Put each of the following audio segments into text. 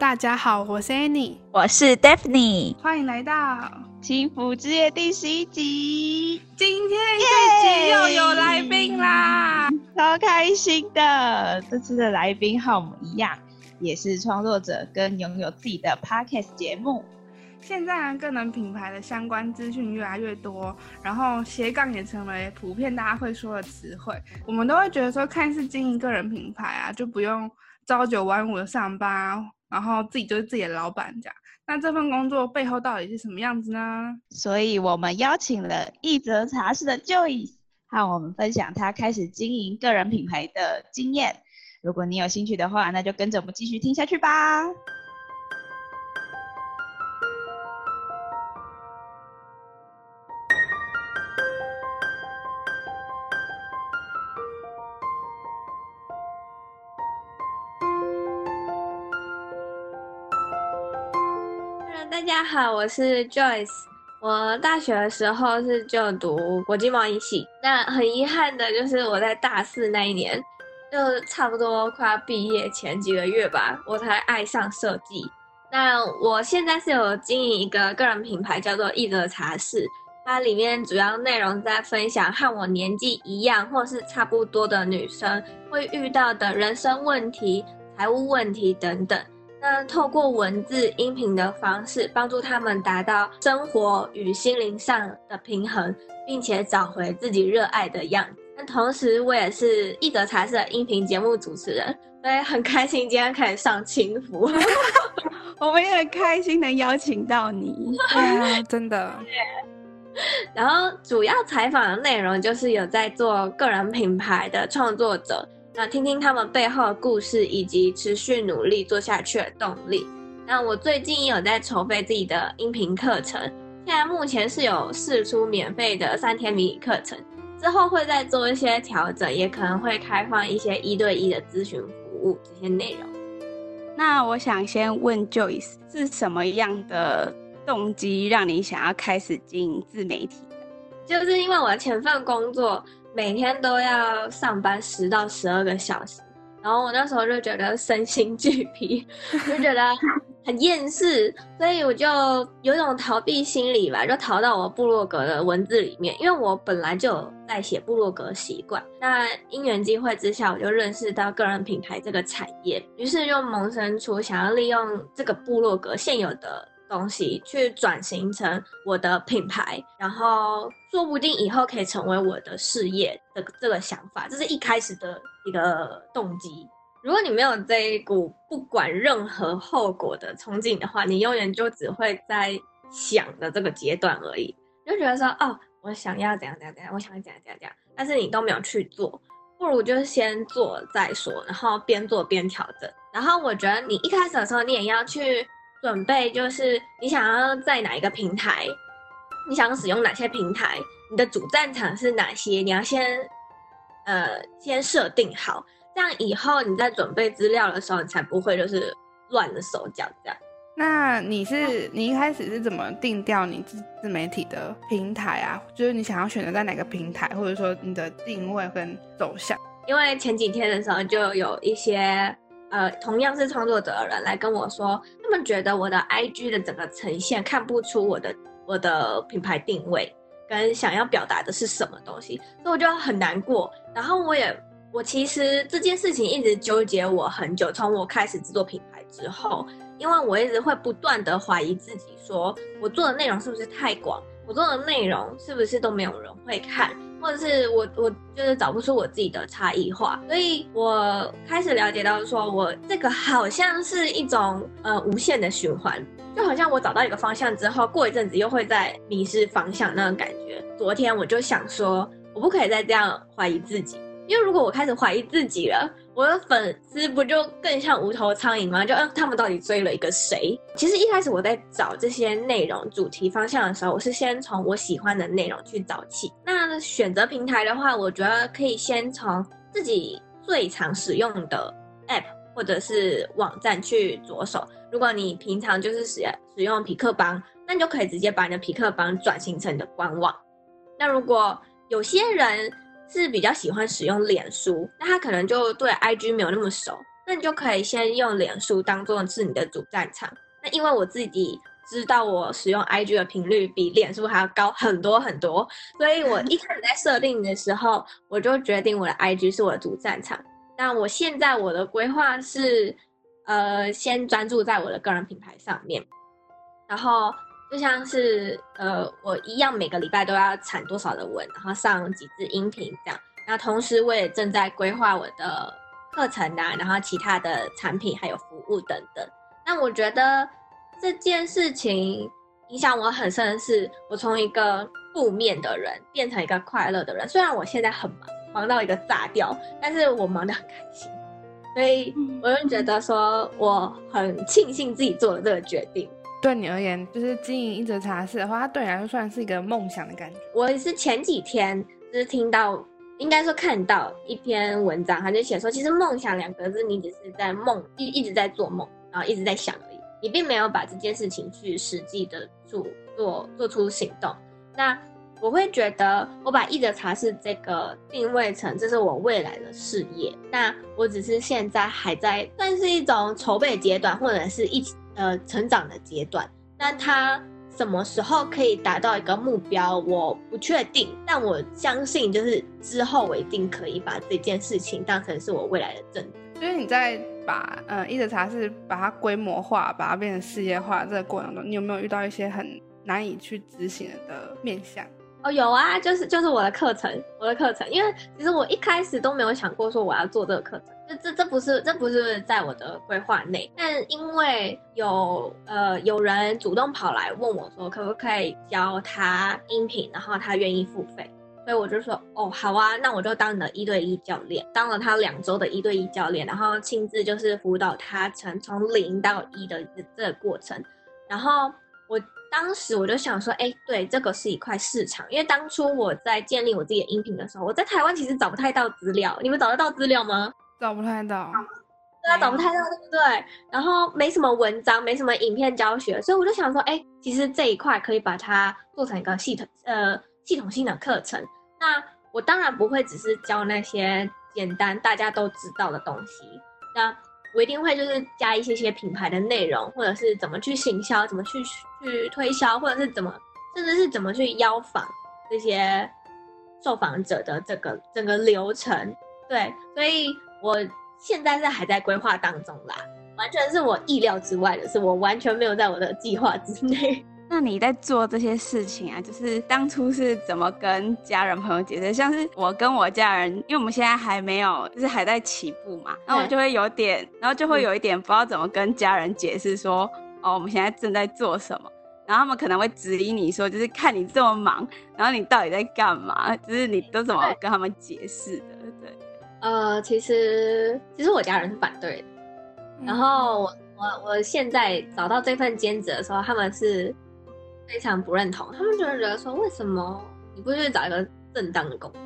大家好，我是 Annie，我是 Daphne。歡迎來到《輕撫之夜》第十一集。今天這集又有來賓啦，超開心的！這次的來賓和我們一樣，也是創作者，跟擁有自己的 podcast 節目。現在個人品牌的相關資訊越來越多，然後斜槓也成為普遍大家會說的詞彙。我們都會覺得說，看似經營個人品牌啊，就不用朝九晚五的上班。然後自己就是自己的老闆，這樣。那這份工作背後到底是什麼樣子呢？所以我們邀請了一則茶室的 Joyce，和我們分享他開始經營個人品牌的經驗。如果你有興趣的話，那就跟着我們繼續聽下去吧。大家好，我是 Joyce。我大學的時候是就讀國際貿易系，那很遺憾的就是我在大四那一年，就差不多快要畢業前幾個月吧，我才愛上設計。那我現在是有經營一個個人品牌，叫做一則茶室，它裡面主要內容是在分享和我年紀一樣或是差不多的女生會遇到的人生問題、財務問題等等。那透過文字、音頻的方式，幫助他們達到生活與心靈上的平衡，並且找回自己熱愛的樣子。同時，我也是一則茶室音頻節目主持人，所以很開心今天可以上輕撫， 我們也很開心能邀請到你， 啊、真的。然後，主要採訪的內容就是有在做個人品牌的創作者。那聽聽他們背後的故事，以及持續努力做下去的動力。那我最近也有在籌備自己的音頻課程，現在目前是有釋出免費的三天迷你課程，之後會再做一些調整，也可能會開放一些一對一的諮詢服務這些內容。那我想先問 Joyce，是什麼樣的動機讓你想要開始經營自媒體？就是因為我的前份工作。每天都要上班十到十二個小時，然後我那時候就覺得身心俱疲，就覺得很厭世，所以我就有一種逃避心理吧，就逃到我部落格的文字裡面，因為我本來就有在寫部落格習慣。那因緣機會之下，我就認識到個人品牌這個產業，於是就萌生出想要利用這個部落格現有的。東西去轉型成我的品牌，然後說不定以後可以成為我的事業的這個想法，這是一開始的一個動機。如果你沒有這一股不管任何後果的衝勁的話，你永遠就只會在想的這個階段而已，就覺得說哦，我想要怎樣怎樣怎樣，我想要怎樣怎樣怎樣，但是你都沒有去做，不如就先做再說，然後邊做邊調整。然後我覺得你一開始的時候，你也要去。準備就是你想要在哪一個平台，你想使用哪些平台，你的主戰場是哪些，你要先，呃，先設定好，這樣以後你在準備資料的時候，你才不會就是亂了手腳這樣。那你是、嗯、你一開始是怎麼定調你自自媒體的平台啊？就是你想要選擇在哪個平台，或者說你的定位跟走向？因為前幾天的時候就有一些。呃，同樣是創作者的人來跟我說，他們覺得我的 IG 的整個呈現看不出我的我的品牌定位跟想要表達的是什麼東西，所以我就很難過。然後我也，我其實這件事情一直糾結我很久，從我開始製作品牌之後，因為我一直會不斷的懷疑自己說，說我做的內容是不是太廣，我做的內容是不是都沒有人會看。或者是我我就是找不出我自己的差異化，所以我開始了解到說我這個好像是一種呃無限的循環，就好像我找到一個方向之後，過一陣子又會再迷失方向那種感覺。昨天我就想說，我不可以再這樣懷疑自己。因為如果我開始懷疑自己了，我的粉絲不就更像無頭蒼蠅嗎？就嗯，他們到底追了一個誰？其實一開始我在找這些內容主題方向的時候，我是先從我喜歡的內容去找起。那選擇平台的話，我覺得可以先從自己最常使用的 App 或者是網站去着手。如果你平常就是使使用痞客邦，那你就可以直接把你的痞客邦轉型成你的官網。那如果有些人，是比較喜歡使用臉書，那他可能就對 IG 沒有那麼熟，那你就可以先用臉書當做是你的主戰場。那因為我自己知道我使用 IG 的頻率比臉書還要高很多很多，所以我一開始在設定的時候，我就決定我的 IG 是我的主戰場。那我現在我的規劃是，呃，先專注在我的個人品牌上面，然後。就像是呃我一樣，每個禮拜都要產多少的文，然後上幾支音頻這樣。然後同時我也正在規劃我的課程吶、啊，然後其他的產品還有服務等等。那我覺得這件事情影響我很深的是，我從一個負面的人變成一個快樂的人。雖然我現在很忙，忙到一個炸掉，但是我忙得很開心。所以我就覺得說，我很慶幸自己做了這個決定。對你而言，就是經營一則茶室的話，它對你來說算是一個夢想的感覺。我是前幾天就是聽到，應該說看到一篇文章，他就寫說，其實夢想兩個字，你只是在夢一一直在做夢，然後一直在想而已，你並沒有把這件事情去實際的做做做出行動。那我會覺得，我把一則茶室這個定位成這是我未來的事業，那我只是現在還在算是一種籌備階段，或者是一起。呃，成長的階段，那他什麼時候可以達到一個目標？我不確定，但我相信，就是之後我一定可以把這件事情當成是我未來的正。所以你在把呃，一則茶室把它規模化，把它變成事業化，這個過程中，你有沒有遇到一些很難以去執行的、的面向？哦，有啊，就是就是我的課程，我的課程，因為其實我一開始都沒有想過說我要做這個課程。這這這不是這不是在我的規劃內，但因為有呃有人主動跑來問我說可不可以教他音頻，然後他願意付費，所以我就說哦好啊，那我就當你的一對一教練，當了他兩週的一對一教練，然後親自就是輔導他成從零到一的這這個過程。然後我當時我就想說，哎對，這個是一塊市場，因為當初我在建立我自己的音頻的時候，我在台灣其實找不太到資料，你們找得到資料嗎？找不太到，對啊，找不太到，有對不對？然後沒什麼文章，沒什麼影片教學，所以我就想說，哎，其實這一塊可以把它做成一個系統，呃，系統性的課程。那我當然不會只是教那些簡單大家都知道的東西，那我一定會就是加一些些品牌的內容，或者是怎麼去行銷，怎麼去去推銷，或者是怎麼，甚至是怎麼去邀訪這些受訪者的這個整個流程，對，所以。我現在是還在規劃當中啦，完全是我意料之外的，是我完全沒有在我的計劃之內，嗯。那你在做這些事情啊，就是當初是怎麼跟家人朋友解釋？像是我跟我家人，因為我們現在還沒有，就是還在起步嘛，那我就會有點，對然後就會有一點不知道怎麼跟家人解釋說，嗯、哦，我們現在正在做什麼，然後他們可能會指疑你說，就是看你這麼忙，然後你到底在幹嘛？就是你都怎麼跟他們解釋的？對。對呃，其實其實我家人是反對的，然後我我現在找到這份兼職的時候，他們是非常不認同，他們就覺得說為什麼你不去找一個正當的工作？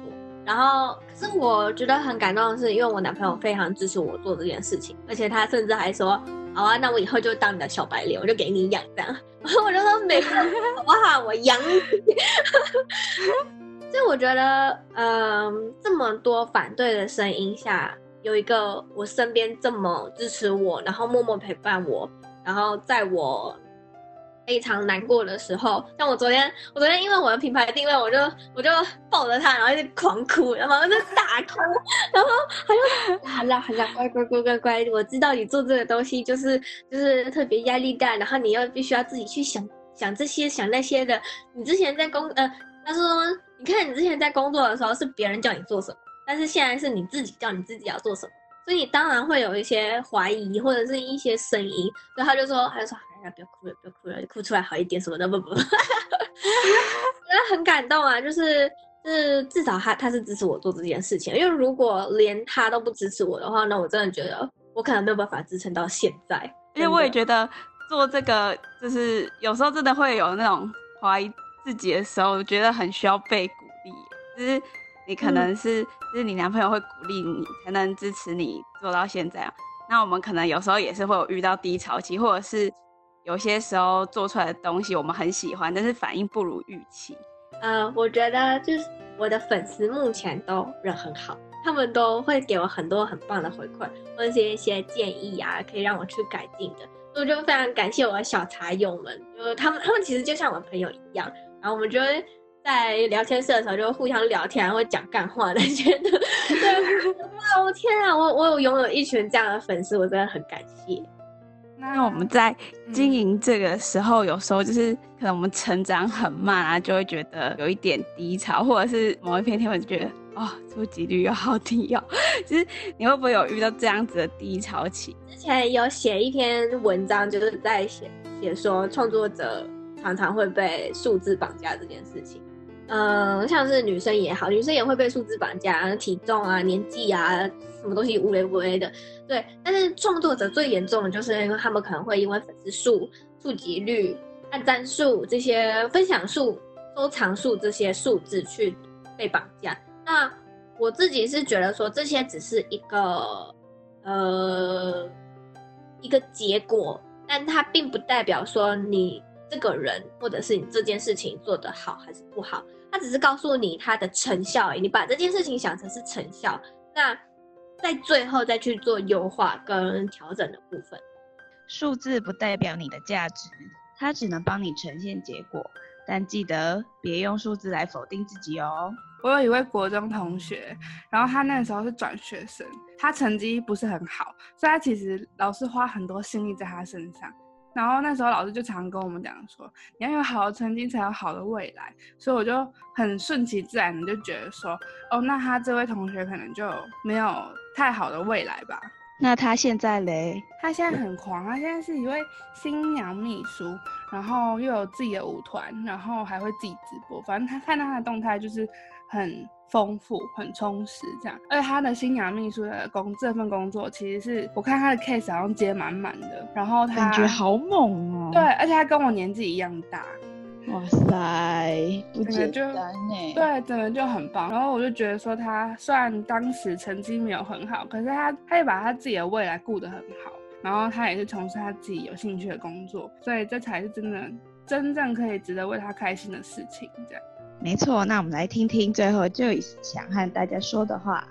然後可是我覺得很感動的是，因為我男朋友非常支持我做這件事情，而且他甚至還說，好啊，那我以後就當你的小白臉，我就給你養，這樣。然後我就說沒好我養你。 ’所以我覺得，嗯、呃，這麼多反對的聲音下，有一個我身邊這麼支持我，然後默默陪伴我，然後在我非常難過的時候，像我昨天，我昨天因為我的品牌定位，我就我就抱着他，然後一直狂哭，然後就大哭，然後他就，好啦好啦，乖 乖乖乖乖，我知道你做這個東西就是就是特別壓力大，然後你又必須要自己去想想這些想那些的，你之前在工，呃，他說。你看，你之前在工作的時候是別人叫你做什麼，但是現在是你自己叫你自己要做什麼，所以你當然會有一些懷疑或者是一些聲音，然後他就說他就說，他就說哎呀，不要哭了，不要哭了，哭出來好一點什麼的，不不，覺得很感動啊，就是、就是至少他他是支持我做這件事情，因為如果連他都不支持我的話，那我真的覺得我可能沒有辦法支撐到現在，因為我也覺得做這個就是有時候真的會有那種懷疑。自己的時候，我覺得很需要被鼓勵。就是你可能是，嗯、就是你男朋友會鼓勵你，才能支持你做到現在啊。那我們可能有時候也是會有遇到低潮期，或者是有些時候做出來的東西我們很喜歡，但是反應不如預期。嗯、呃，我覺得就是我的粉絲目前都人很好，他們都會給我很多很棒的回饋，或者是一些建議啊，可以讓我去改進的。所以就非常感謝我的小茶友們，就他們，他們其實就像我的朋友一樣。然後我們就會在聊天室的時候就互相聊天，啊，會講幹話的，覺得哇，我 天啊，我我有擁有一群這樣的粉絲，我真的很感謝。那我們在經營這個時候，嗯、有時候就是可能我們成長很慢啊，就會覺得有一點低潮，或者是某一篇貼文覺得哦，觸及率又好低哦。就是你會不會有遇到這樣子的低潮期？之前有寫一篇文章，就是在寫寫說創作者。常常會被數字綁架這件事情，嗯，像是女生也好，女生也會被數字綁架，體重啊、年紀啊，什麼東西烏雷烏雷的。對，但是創作者最嚴重的就是因為他們可能會因為粉絲數、觸及率、按贊數、這些分享數、收藏數這些數字去被綁架。那我自己是覺得說，這些只是一個，呃，一個結果，但它並不代表說你。這個人或者是你這件事情做得好還是不好，他只是告訴你他的成效而已。你把這件事情想成是成效，那在最後再去做優化跟調整的部分。數字不代表你的價值，它只能幫你呈現結果。但記得別用數字來否定自己哦。我有一位國中同學，然後他那時候是轉學生，他成績不是很好，所以他其實老師花很多心力在他身上。然後那時候老師就常跟我們講說，你要有好的成績才有好的未來，所以我就很順其自然的就覺得說，哦，那他這位同學可能就沒有太好的未來吧。那他現在嘞？他現在很狂，他現在是一位新娘秘書，然後又有自己的舞團，然後還會自己直播。反正他看到他的動態就是。很豐富，很充實，這樣。而且他的新娘秘書的工這份工作，其實是我看他的 case 好像接滿滿的。然後他感覺好猛哦！對，而且他跟我年紀一樣大。哇塞，我覺得就對，整個就很棒。然後我就覺得說他，他雖然當時成績沒有很好，可是他他也把他自己的未來顧得很好。然後他也是從事他自己有興趣的工作，所以這才是真的真正可以值得為他開心的事情，這樣。沒錯，那我們來聽聽最後 Joyce 想和大家說的話。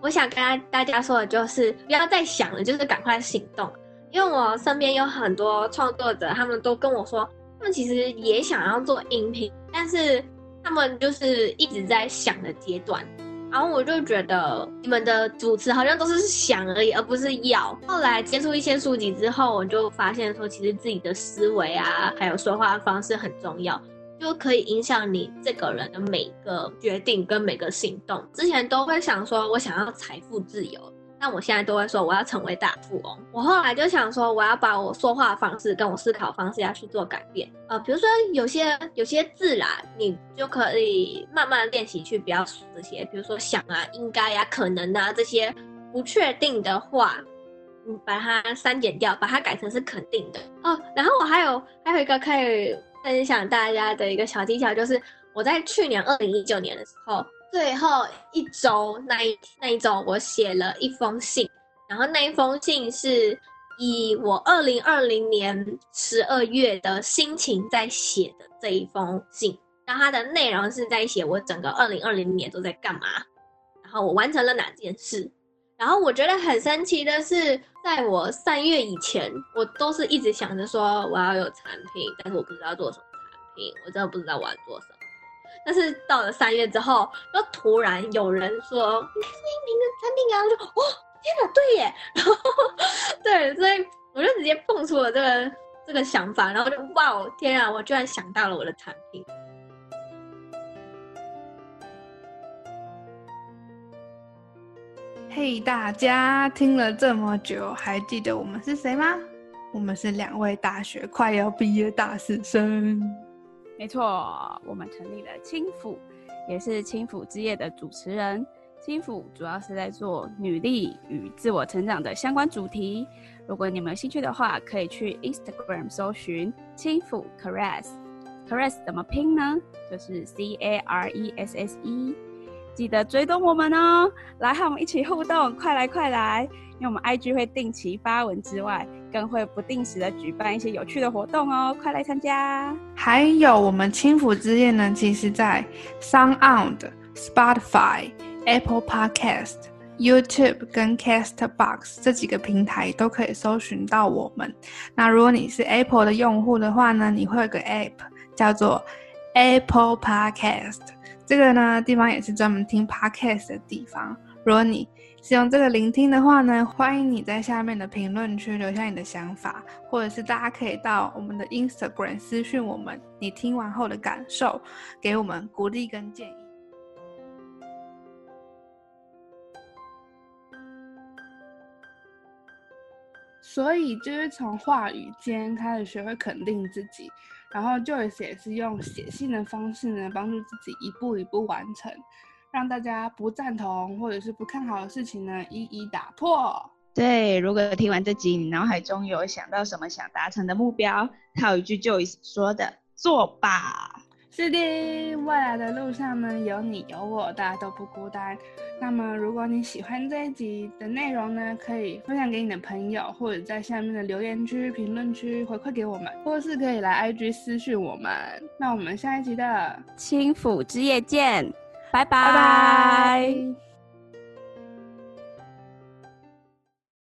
我想跟大家說的就是不要再想了，就是趕快行動。因為我身邊有很多創作者，他們都跟我說，他們其實也想要做音頻，但是他們就是一直在想的階段。然後我就覺得你們的主持好像都是想而已，而不是要。後來接觸一些書籍之後，我就發現說其實自己的思維啊，還有說話的方式很重要。就可以影響你這個人的每一個決定跟每個行動。之前都會想說，我想要財富自由，但我現在都會說我要成為大富翁。我後來就想說，我要把我說話的方式跟我思考方式要去做改變。呃，比如說有些有些字啦，你就可以慢慢練習去不要說這些，比如說想啊、應該啊、可能啊這些不確定的話，你把它刪減掉，把它改成是肯定的哦。然後我還有還有一個可以。分享大家的一個小技巧，就是我在去年二零一九年的時候，最後一周那一那一周，我寫了一封信，然後那一封信是以我二零二零年十二月的心情在寫的這一封信，然後它的內容是在寫我整個二零二零年都在幹嘛，然後我完成了哪件事，然後我覺得很神奇的是。在我三月以前，我都是一直想着說我要有產品，但是我不知道做什麼產品，我真的不知道我要做什麼。但是到了三月之後，又突然有人說，你看錄音棚的產品啊，我就哦，天哪，對耶，然後對，所以我就直接蹦出了這個這個想法，然後就哇，天啊，我居然想到了我的產品。嘿，hey, 大家聽了這麼久，還記得我們是誰嗎？我們是兩位大學快要畢業大四生。沒錯，我們成立了輕撫，也是輕撫之夜的主持人。輕撫主要是在做女力與自我成長的相關主題。如果你們有興趣的話，可以去 Instagram 搜尋輕撫 caresse。caresse 怎麼拼呢？就是 C A R E S S E。S S S e 記得追蹤我們哦，來和我們一起互動，快來快來！因為我們 IG 會定期發文之外，更會不定時的舉辦一些有趣的活動哦，快來參加！還有我們輕撫之夜呢，其實在 SoundOn、Spotify、Apple Podcast、YouTube 跟 Castbox 這幾個平台都可以搜尋到我們。那如果你是 Apple 的用戶的話呢，你會有個 App 叫做 Apple Podcast。這個呢，地方也是專門聽 Podcast 的地方。如果你使用這個聆聽的話呢，歡迎你在下面的評論區留下你的想法，或者是大家可以到我們的 Instagram 私訊我們，你聽完後的感受，給我們鼓勵跟建議。所以就是從話語間開始學會肯定自己。然後，Joyce 也是用寫信的方式呢，幫助自己一步一步完成，讓大家不贊同或者是不看好的事情呢，一一打破。對，如果聽完這集，你腦海中有想到什麼想達成的目標，套一句 Joyce 說的，做吧。是的，未來的路上呢，有你有我，大家都不孤單。那麼，如果你喜歡這一集的內容呢，可以分享給你的朋友，或者在下面的留言區、評論區回饋給我們，或是可以來 IG 私訊我們。那我們下一集的《輕撫之夜》見，拜拜。拜拜。